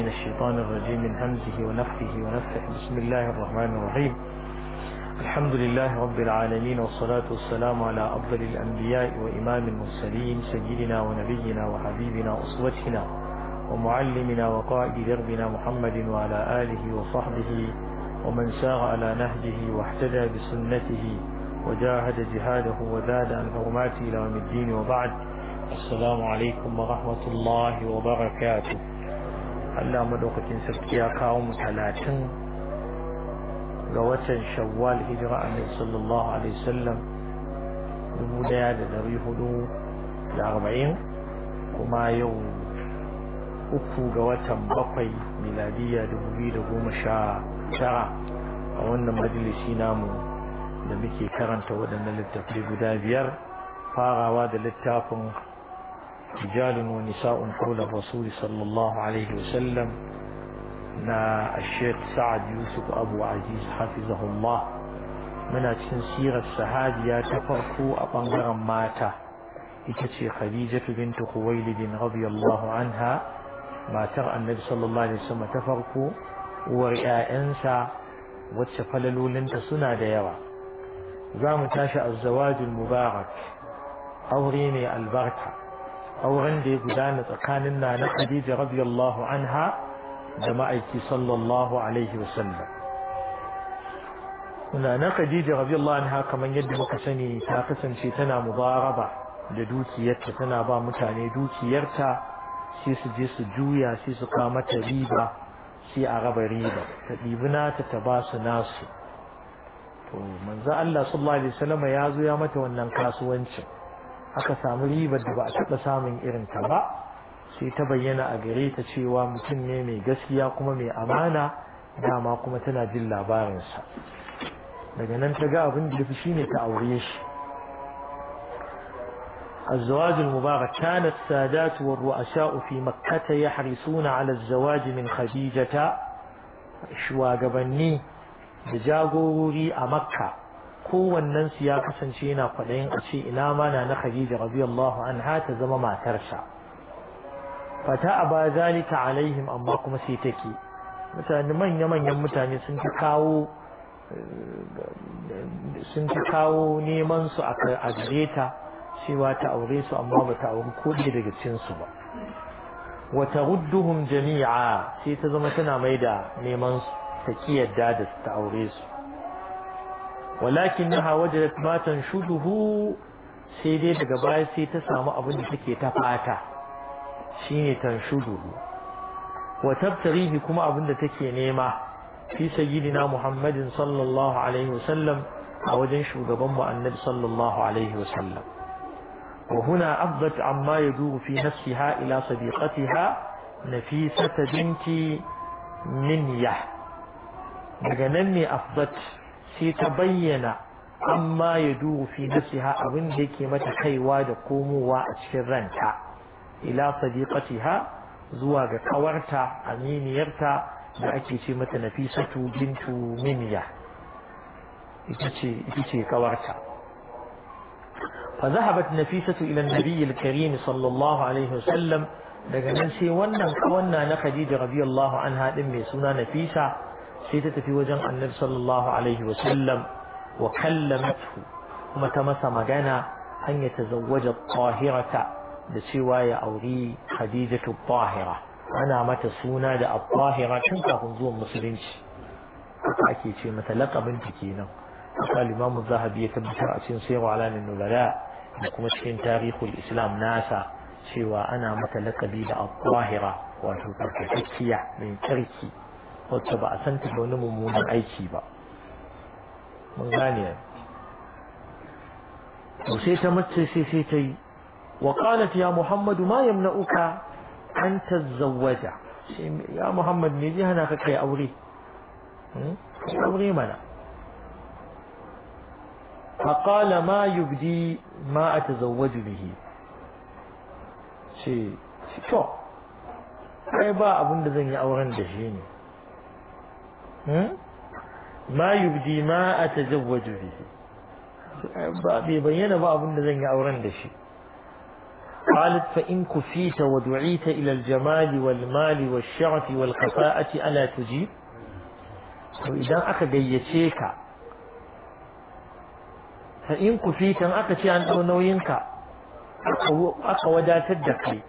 من الشيطان الرجيم من همزه ونفخه ونفخه بسم الله الرحمن الرحيم الحمد لله رب العالمين والصلاة والسلام على أفضل الأنبياء وإمام المرسلين سيدنا ونبينا وحبيبنا وأسوتنا ومعلمنا وقائد دربنا محمد وعلى آله وصحبه ومن سار على نهجه واحتدى بسنته وجاهد جهاده وزاد عن حرماته إلى يوم الدين وبعد السلام عليكم ورحمة الله وبركاته Allah madaukakin sarki ya kawo mu talatin ga watan shawwal hijra annabi sallallahu alaihi wasallam dubu da dari hudu da arba'in kuma yau uku ga watan bakwai miladiya dubu biyu da goma sha tara a wannan majalisi namu da muke karanta waɗannan littattafai guda biyar farawa da littafin رجال ونساء حول الرسول صلى الله عليه وسلم نا الشيخ سعد يوسف أبو عزيز حفظه الله من سيرة يا تفرقوا أبنغر ماتا إتتي خديجة بنت خويلد رضي الله عنها ما ترى النبي صلى الله عليه وسلم تفرقوا ورئاء أنسى وتفللوا لنت سنة ديرا زام تاشا الزواج المبارك أوريني البركة auren da ya gudana tsakanin na na Khadija radiyallahu anha da ma'aiki sallallahu alaihi wasallam na na Khadija radiyallahu anha kamar yadda muka sani ta kasance tana mubaraba da dukiyarta tana ba mutane dukiyarta sai su je su juya sai su kawo mata riba sai a raba riba ta ɗibi nata ta ba su nasu to manzo Allah sallallahu alaihi wasallam ya zo ya mata wannan kasuwancin aka samu ribar da ba a taɓa samun irin ta ba sai ta bayyana a gare ta cewa mutum ne mai gaskiya kuma mai amana dama kuma tana jin labarinsa daga nan ta ga abin da ya fi ta aure shi الزواج المبارك كان السادات والرؤساء في مكة يحرصون على الزواج من خديجة شواغبني بجاغوري أمكة kowannen su ya kasance yana kwaɗayin a ce ina mana na Khadija radiyallahu anha ta zama matarsa fata aba zalika alaihim amma kuma sai take mutane manya manyan mutane sun ci kawo sun ta kawo neman su a gare ta cewa ta aure su amma ba ta aure ko daga cikin su ba wa tarudduhum jami'a sai ta zama tana mai da neman su ta ƙi yadda da ta aure su ولكنها وجدت ما تنشده سيدي لقبائل سيتا ساما أبن سكي تفعتا شيني تنشده وتبتغي بكم أبن تكي نيما في سيدنا محمد صلى الله عليه وسلم أو جنش قبم النبي صلى الله عليه وسلم وهنا أبضت عما يدور في نفسها إلى صديقتها نفيسة بنت منيه daga nan ne sai ta bayyana amma ya duhu fi nafsiha abin da yake mata kaiwa da komowa a cikin ranta ila sadiqatiha zuwa ga kawarta aminiyarta da ake ce mata nafisatu bintu minya ita ce ita ce kawarta فذهبت نفيسة إلى النبي الكريم صلى الله عليه وسلم daga nan sai wannan kawanna na Khadija radiyallahu anha din mai suna Nafisa sai ta tafi wajen annabi sallallahu alaihi wa sallam wa kallamathu kuma ta masa magana an ya tazawwaja tahirata da cewa ya auri khadijatu tahira ana mata suna da at-tahira tun kafin zuwan musulunci haka ake ce mata laqabin ta kenan haka limamu zahabi ya tabbatar a cikin sayar alamin nubala da kuma cikin tarihul islam nasa cewa ana mata laqabi da at-tahira wato tsarkakakkiya mai tsarki wacce ba a san ta da wani mummunan aiki ba mun gane to sai ta mace sai sai ta yi wa qalat ya muhammadu ma yamna'uka an tazawwaja ya muhammad me zai hana ka kai aure hmm? aure mana فقال ما يبدي ما أتزوج به ce to kai ba abin da zan yi auren da shi ne ما يبدي ما أتزوج به bihi ba bai bayyana ba دشي قالت فإن كفيت ودعيت إلى الجمال والمال والشعف والخفاءة ألا تجيب وإذا اخذ يتشيكا فإن كفيت أخا شيئا أو نوينكا أخا ودا دكي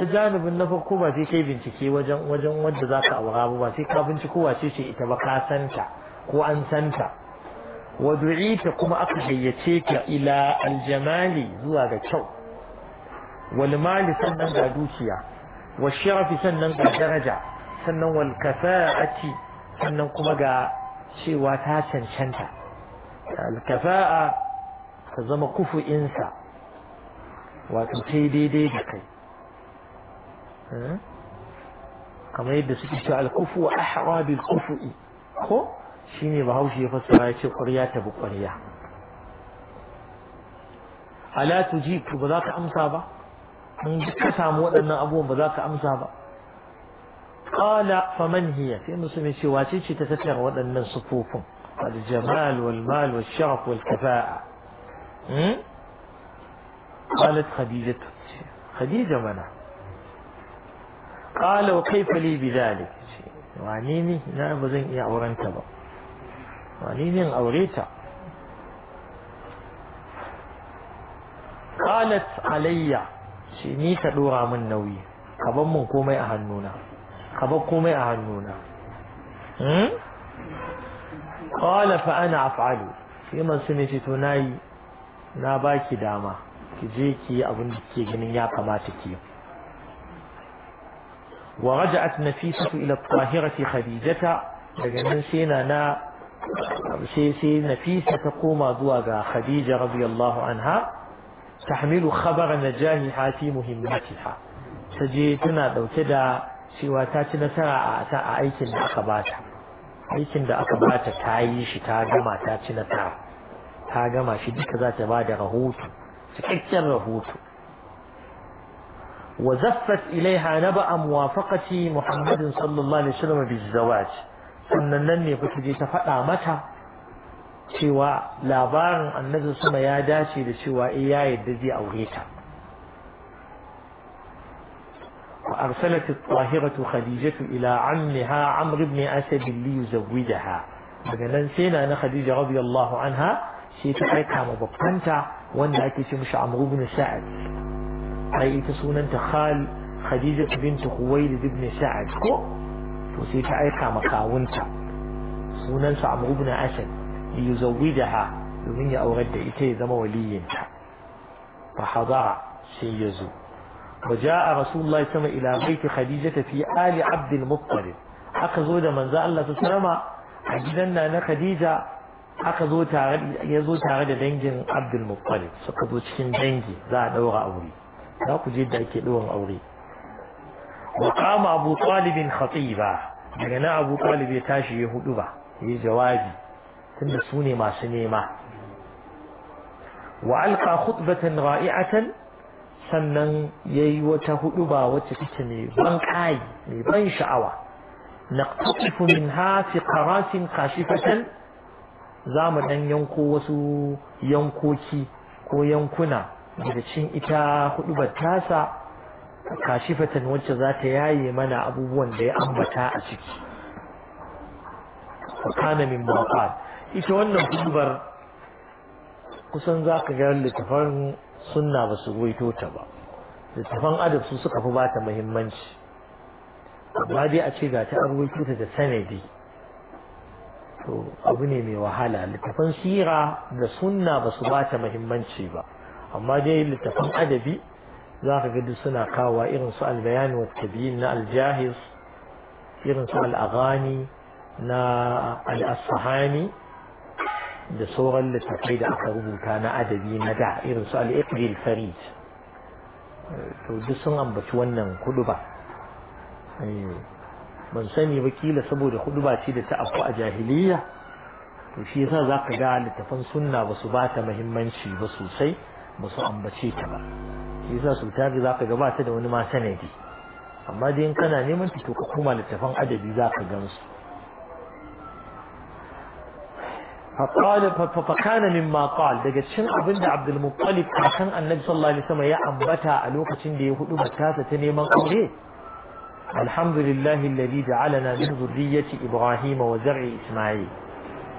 ta janibin na farko ba sai kai bincike wajen wajen wanda za ka aura ba sai ka binciko wace ce ita ba ka santa ko an santa wa du'ita kuma aka gayyace ka ila aljamali zuwa ga kyau wal mali sannan ga dukiya wa sharafi sannan ga daraja sannan wal kafa'ati sannan kuma ga cewa ta cancanta al kafa'a ka zama kufu'insa wato sai daidai da kai kamar yadda suke cewa alkufu wa ahra bil kufu'i ko shine bahaushe ya fassara ya ce ƙwarya ta bi ƙwarya ala tujib ba za ka amsa ba in ka samu waɗannan abubuwan ba za ka amsa ba qala faman hiya sai musulmi ce wace ce ta tattara waɗannan sufufin الجمال والمال والشرف والكفاءة قالت خديجة خديجة منع qala wa kaifa li bidhalik wani ne na ba zan iya aurenta ba wani ne aure ta qalat alayya shi ni ka dora min nauyi ka ban mun komai a hannuna ka ban komai a hannuna hmm? qala fa ana af'alu sai man sune shi to nayi na baki dama ki je ki yi abin da kike ganin ya kamata ki yi ورجعت نفيسة إلى الطاهرة خديجة لجنة سينانا نفيسة تقوم أبواغا خديجة رضي الله عنها تحمل خبر نجاحها في مهمتها سجيتنا لو تدا سواتاتنا سرعة أعيكن أقباتها أعيكن أقباتها تعيش تاقما تاتنا سرعة تاقما شديك ذات بعد رهوت تكتر رهوت وزفت إليها نبأ موافقة محمد صلى الله عليه وسلم بالزواج sannan nan ne kuka je ta faɗa mata cewa labarin annabi sama ya dace da cewa eh ya yadda zai aure ta wa arsalat at khadijatu ila ammiha amr ibn asad li yuzawwijaha daga nan sai na na khadija radiyallahu anha shi ta aika ma babbanta wanda ake ce mishi amr ibn sa'ad أي أنت سونا أنت خال خديجة بنت خويلد بن سعد كو وسيت أيكا مكاونتا سونا عمرو بن أسد ليزودها لمن أورد إتي ذم ولينتا فحضر سيزو وجاء رسول الله صلى الله عليه وسلم إلى بيت خديجة في آل عبد المطلب أخذوا إذا من زال الله تسلم عجلنا أنا خديجة أخذوا تعرض يزو تعرض دنجن عبد المطلب سقطوا تشين دنجي ذا دورة أولي za ku je da ake ɗuwan aure wa kama abu talibin khatiba daga na abu talib ya tashi ya hudu ba ya jawabi tunda su ne masu nema wa alqa khutbatan ra'i'atan sannan yayi wata hudu ba wacce take mai ban kai mai ban sha'awa hafi minha kashi fatan za zamu ɗan yanko wasu yankoki ko yankuna daga cin ita ba tasa kashifatan wacce za ta yaye mana abubuwan da ya ambata a ciki kana min mafa ita wannan hudubar kusan za ka ga littafan sunna ba su ruwaito ta ba littafan adab su suka fi bata muhimmanci amma dai a ce ga ta an ta da sanadi to abu ne mai wahala littafan sira da sunna ba su bata muhimmanci ba amma dai littafin adabi za ka ga suna kawa irin su albayani wa tabiyin na aljahiz irin su al'agani na al'asahani da sauran littafai da aka rubuta na adabi na da irin su al'iqbil farid to duk sun ambaci wannan kuduba ban sani ba kila saboda kuduba ce da ta afku a jahiliya to shi yasa za ka ga littafan sunna ba su ba ta muhimmanci ba sosai basu su ambace ta ba shi yasa su tari za ka gabata da wani ma sanadi amma dai in kana neman ta to ka koma littafan adabi za ka gansu فقال فكان daga cikin abinda da Abdul Muttalib kakan Annabi sallallahu alaihi ya ambata a lokacin da ya hudu matasa ta neman aure alhamdulillahi alladhi ja'alana min ce Ibrahim wa zar'i Isma'il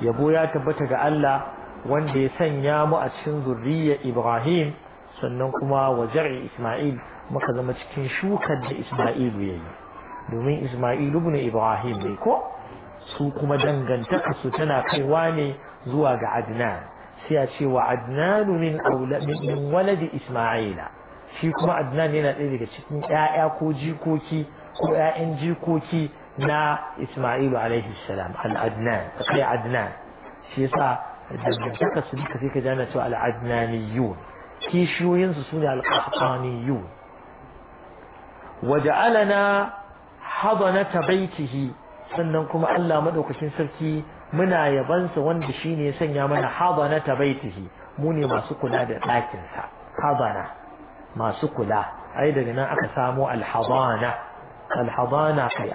yabo ya tabbata ga Allah wanda ya sanya mu a cikin zurriya Ibrahim sannan kuma wa jar'i Isma'il muka zama cikin shukar da Isma'il ya yi domin Isma'il ibn Ibrahim ne ko su kuma dangantaka su tana kaiwa ne zuwa ga Adnan sai a ce wa Adnan min min waladi Isma'ila shi kuma Adnan yana ɗaya daga cikin ƴaƴa ko jikoki ko ƴaƴan jikoki na Isma'ilu alaihi salam al-Adnan sai Adnan shi yasa المنطقة السديقة في كدامة العدنانيون كيشيو ينصصون على القحطانيون وجعلنا حضنة بيته سننكم ألا مدوك شنسركي منا يبنس واندشين يسنيا من حضنة بيته موني ما سكنا لكن حضنة ما سكنا أيضا لنا أكسامو الحضانة الحضانة في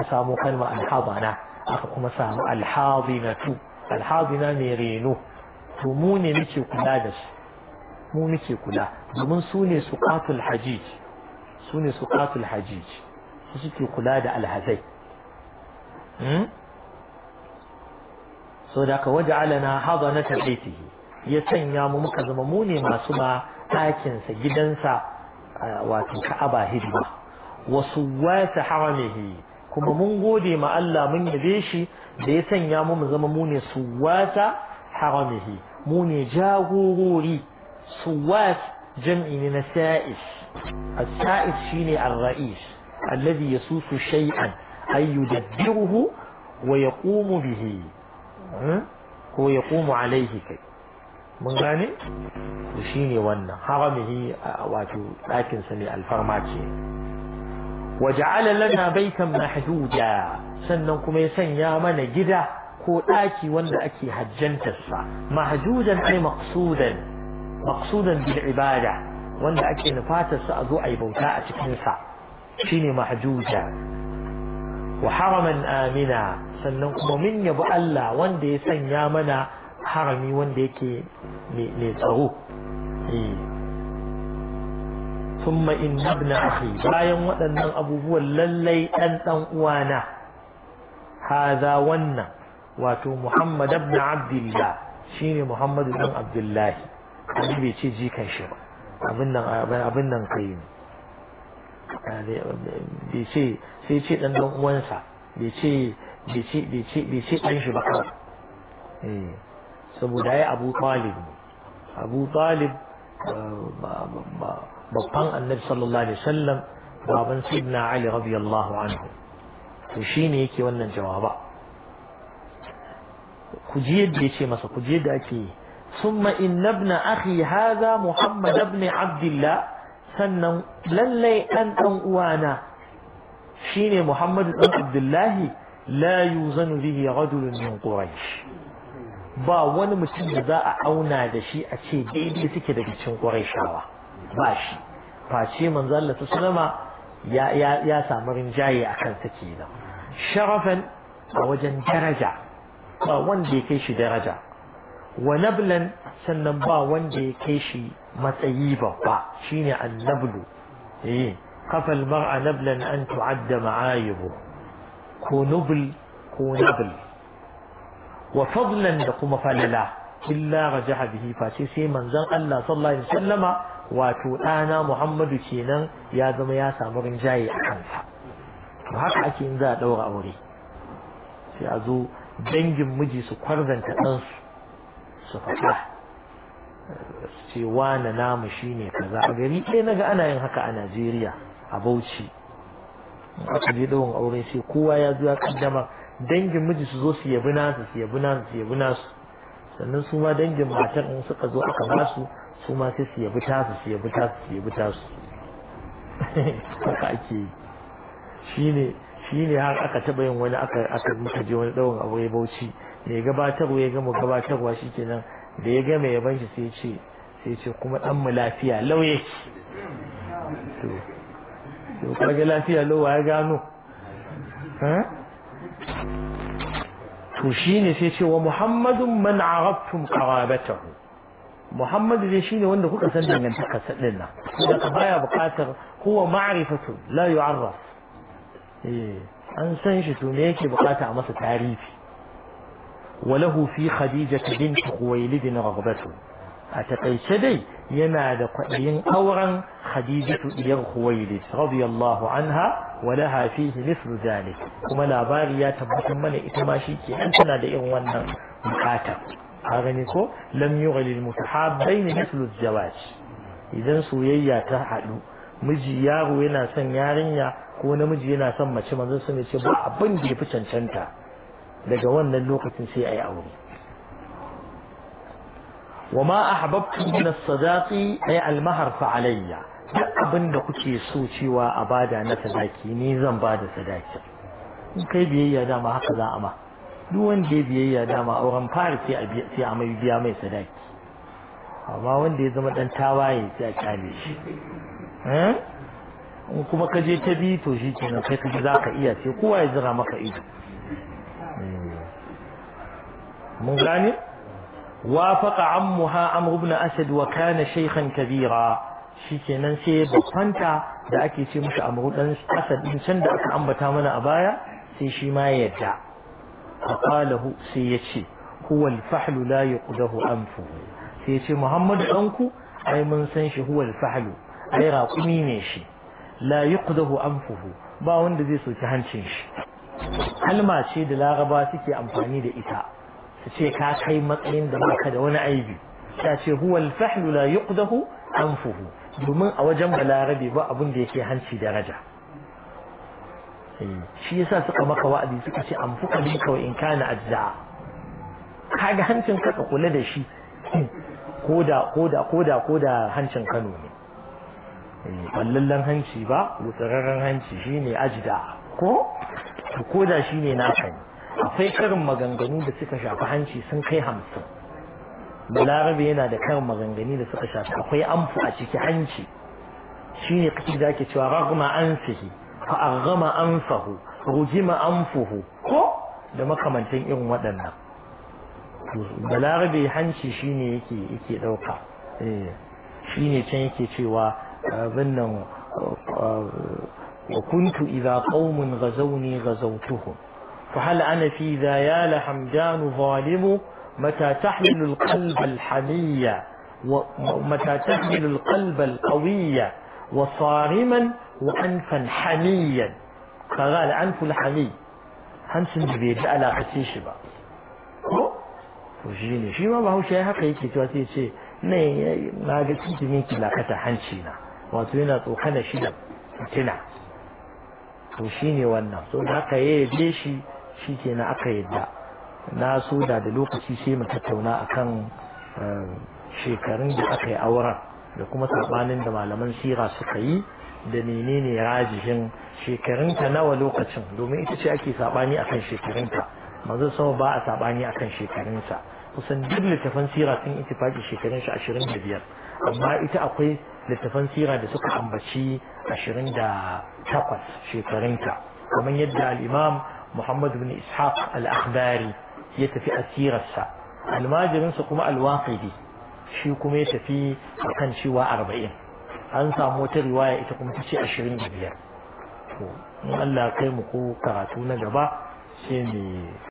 أكسامو كلمة الحضانة أكسامو الحاضنة alhazina mai reno to mu ne muke kula da su mu muke kula domin su ne suqatul hajij su ne suqatul hajij su suke kula da alhazai hmm? so da ka waje alana haza na tabbatihi ya sanya mu muka zama mu ne masu ma ɗakinsa gidansa wato ka'aba hidima wasu wata haramihi kuma mun gode ma Allah mun yabe shi da ya sanya mu mu zama mune suwata haramihi mune jagorori suwat jam'i ne na sa'is as-sa'is shine ar-ra'is alladhi yasusu shay'an ay yudabbiruhu wa yaqumu bihi ko yaqumu alayhi kai mun gane shine wannan haramihi wato dakin sa ne alfarmaci وجعل لنا بيتا محدودا sannan kuma ya sanya mana gida ko daki wanda ake hajjantar sa mahdudan ai maqsudan maqsudan bil ibada wanda ake nufatar sa a zo ai bauta a cikin sa shine mahduda wa haraman amina sannan kuma min yabu Allah wanda ya sanya mana harami wanda yake mai tsaro eh thumma inna ibn akhi bayan waɗannan abubuwan lallai dan dan uwana haza wannan wato muhammad ibn abdullah shine muhammad ibn abdullah abin bai ce ji shi ba abin nan abin nan kai ah, sai ce dan uwansa bai ce bai shi ba kawai eh, saboda ya abu talib ne abu talib babban annabi sallallahu alaihi wasallam baban sidna ali radiyallahu anhu to shine yake wannan jawaba ku ji yadda yace masa ku ji yadda ake ثم إن ابن أخي هذا محمد بن عبد الله sannan lallai ɗan ɗan uwana shine Muhammadu ɗan Abdullahi la yuzanu bihi rajulun min Quraysh ba wani mutum da za a auna da shi a ce daidai suke daga cikin shawa ba shi face manzo Allah ta ya samu rinjaye a kan take kenan sharafan a wajen daraja ba wanda ya kai shi daraja wa nablan sannan ba wanda ya kai shi matsayi babba shine annablu eh kafal mar'a nablan an tu'adda ma'ayibu ko nubl ko nabl wa fadlan da kuma falala illa rajaha bihi face sai manzon Allah sallallahu alaihi wasallama wato ɗana Muhammadu kenan ya zama ya samu rinjaye a kansa to haka ake in za a ɗaura aure sai a zo dangin miji su kwarzanta ɗansu su faɗa su ce wane namu shine kaza a gari ɗaya naga ana yin haka a Najeriya a Bauchi aka je ɗaurin aure sai kowa ya zo ya kaddamar dangin miji su zo su yabi nasu su yabi nasu su yabi nasu sannan su ma dangin matan in suka zo aka ba su su ma sai su yabi tasu su yabi tasu su yabi tasu haka ake yi shine shine har aka taba yin wani aka aka muka je wani abu ya bauchi ne gabatarwa ya gama gabatarwa shikenan da ya gama yaban shi sai ce sai ce kuma dan mu lafiya lauye to to kage lafiya lauwa ya gano توشيني سيشي ومحمد من عرفتم قرابته محمد سيشيني وانه كل سنة ينتقى لنا هذا بقاتر هو معرفة لا يعرف إيه. أن سنشي تونيك بقاتر عمس تعريفي وله في خديجة بنت خويلد رغبته أتقي سدي يما دقائين أورا خديجة إلي خويلد رضي الله عنها Wani hafiyete Misru daɗe kuma labari ya tabbatar mana ita ma shi ke an tana da irin wannan buƙatan. Har ni ko lammiho ga ilmumtu ha baine Misrus Idan soyayya ta haɗu miji yaro yana son yarinya ko namiji yana son mace ma zan so ya abin da ya cancanta daga wannan lokacin sai a yi aure. Wa ma a habab tuni na sadaki a yi almahar facalaiya. duk abin da kuke so cewa a bada na sadaki ni zan bada sadaki in kai biyayya dama haka za a ma duk wanda ya biyayya dama auren fara sai a sai a mai biya mai sadaki amma wanda ya zama dan tawaye sai a kyale shi eh? in kuma ka je ta bi to shi nan kai ka za ka iya sai kowa ya jira maka ido eh. mun gane wafaqa ammuha amr ibn asad wa kana shaykhan kabira shikenan sai bafanta da ake ce mishi a dan asad din can da aka ambata mana a baya sai shi ma ya yadda faqalahu sai ya ce huwa al-fahlu la yuqdahu anfuhu sai ya ce muhammadu danku ai mun san shi huwa al-fahlu ai raƙumi ne shi la yuqdahu anfuhu ba wanda zai soki hancin shi kalma ce da laraba suke amfani da ita su ce ka kai matsayin da baka da wani aibi ta ce huwa al-fahlu la yuqdahu anfuhu domin a wajen balarabe ba abin da yake hanci daraja eh, shi yasa suka maka wa'azi suka ce an fuka min kawai in kana ajza kaga hancin ka ka kula da shi koda koda koda koda hancin Kano ne ballallan eh, hanci ba wutsararren hanci shine ajda ko koda shine naka ne akwai karin maganganu da suka shafi hanci sun kai hamsin balarabe yana da kan maganganu da suka shafi akwai amfu a ciki hanci shine kake da ake cewa ragma anfihi fa arghama anfahu rujima anfuhu ko da makamantan irin waɗannan balarabe hanci shine yake yake dauka eh, shine can yake cewa abin nan وكنت إذا قوم غزوني غزوتهم فهل أنا في ذا يا لحمدان ظالم متى تحمل القلب الحمية ومتى تحمل القلب القوية وصارما وأنفا حميا فقال أنف الحمي هنسن جبيد ألا خسيش با وجيني شي ما هو شي حقيقي تواتي شي ني ما قلت منك لا كتا حنشينا واتوينا توخنا شي تنا وشيني وانا سوى حقا يديشي شي تنا أقا يدا na so da da lokaci sai mu tattauna akan eh, shekarun da aka yi auren da kuma sabanin da malaman sira suka yi da menene rajihin shekarunta nawa lokacin domin ita ce ake sabani akan shekarunta manzo sama ba a sabani akan shekarunsa kusan duk littafan sira sun faki shekarun shi biyar amma ita akwai littafan sira da suka ambaci takwas shekarunta kamar yadda alimam Muhammad bin Ishaq al-Akhbari ya tafi asirarsa almajirinsa kuma alwaƙidi shi kuma ya tafi kan cewa arba'in an samu wata riwaya ita kuma ta ce ashirin da biyar to in Allah kai mu ko karatu na gaba sai mu